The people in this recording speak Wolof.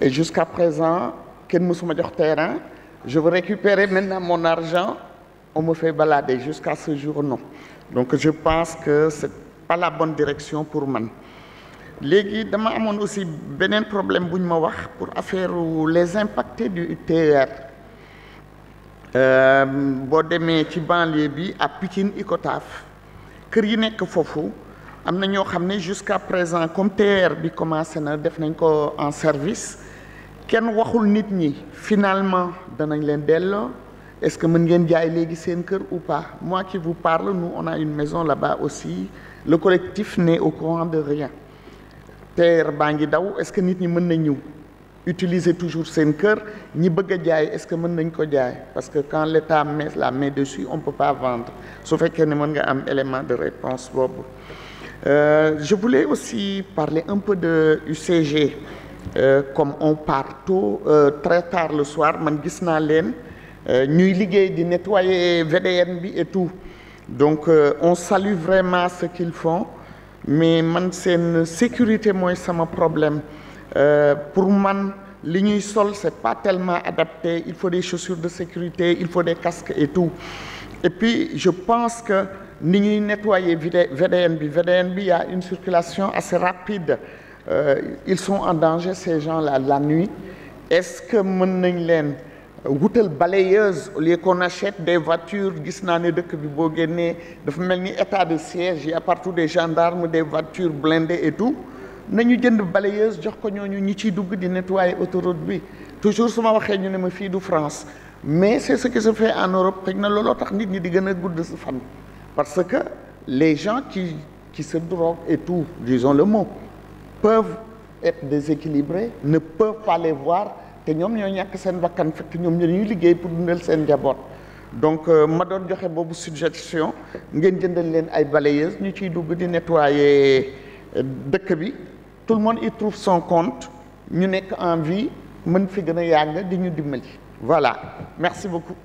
Et jusqu'à présent, mosuma Moussouma terrain, je veux récupérer maintenant mon argent, on me fait balader. Jusqu'à ce jour, non. Donc je pense que ce n'est pas la bonne direction pour man léegi dama amoon aussi beneen problème bu ñu ma wax pour affaire les impactés du TER euh, boo demee ci banlieue bi à Pikine Icotaf kër yi nekk foofu am na ñoo xam ne jusqu'à présent comme TER bi commencé na def nañ ko en service kenn waxul nit ñi finalement danañ leen delloo est-ce que mën ngeen jaay léegi seen kër ou pas moi qui vous parle nous on a une maison là-bas aussi le collectif n'est au courant de rien terre baa ngi daw est-ce que nit ñi mën nañ ñëw utiliser toujours seen kër ñi bëgg a jaay est-ce que mën nañ ko jaay parce que quand l'État met la main dessus on peut pas vendre su fekkee ne mën nga am élément de réponse boobu euh, je voulais aussi parler un peu de UCG Euh, comme on part tôt euh, très tard le soir man gis naa leen euh, ñuy liggéey di nettoyer VDN bi et tout donc on salue vraiment ce qu'ils font mais man seen sécurité mooy sama problème pour man li ñuy sol c'est pas tellement adapté il faut des chaussures de sécurité il faut des casques et tout et puis je pense que ni ñuy nettoyer VDN bi VDN bi une circulation assez rapide Euh, ils sont en danger ces gens-là la nuit est-ce que mën nañ leen wutal balayeuse au lieu qu'on achète des voitures gis naa ne dëkk bi boo génnee dafa mel ni état de siège il y a partout des gendarmes des voitures blindées et tout nañu jënd balayeuse jox ko ñooñu ñu ciy dugg di nettoyer autoroute bi toujours su ma waxee ñu ne ma fii du France mais c'est ce qui se fait en Europe xëy na looloo tax nit ñi di gën a gudd sa fan parce que les gens qui qui se droguent et tout disons le mot peuvent être déséquilibrés ne peuvent pas les voir te ñoom ñoo ñàkk seen bakkan fekk ñoom ñuy liggéey pour dundal seen njaboot donc euh, ma doon joxe boobu suggestion ngeen jëndal leen ay balayeuses ñu ciy dugg di nettoyer euh, dëkk bi tout le monde y trouve son compte ñu nekk en vie mën fi gën a yàgg di ñu dimbali voilà merci beaucoup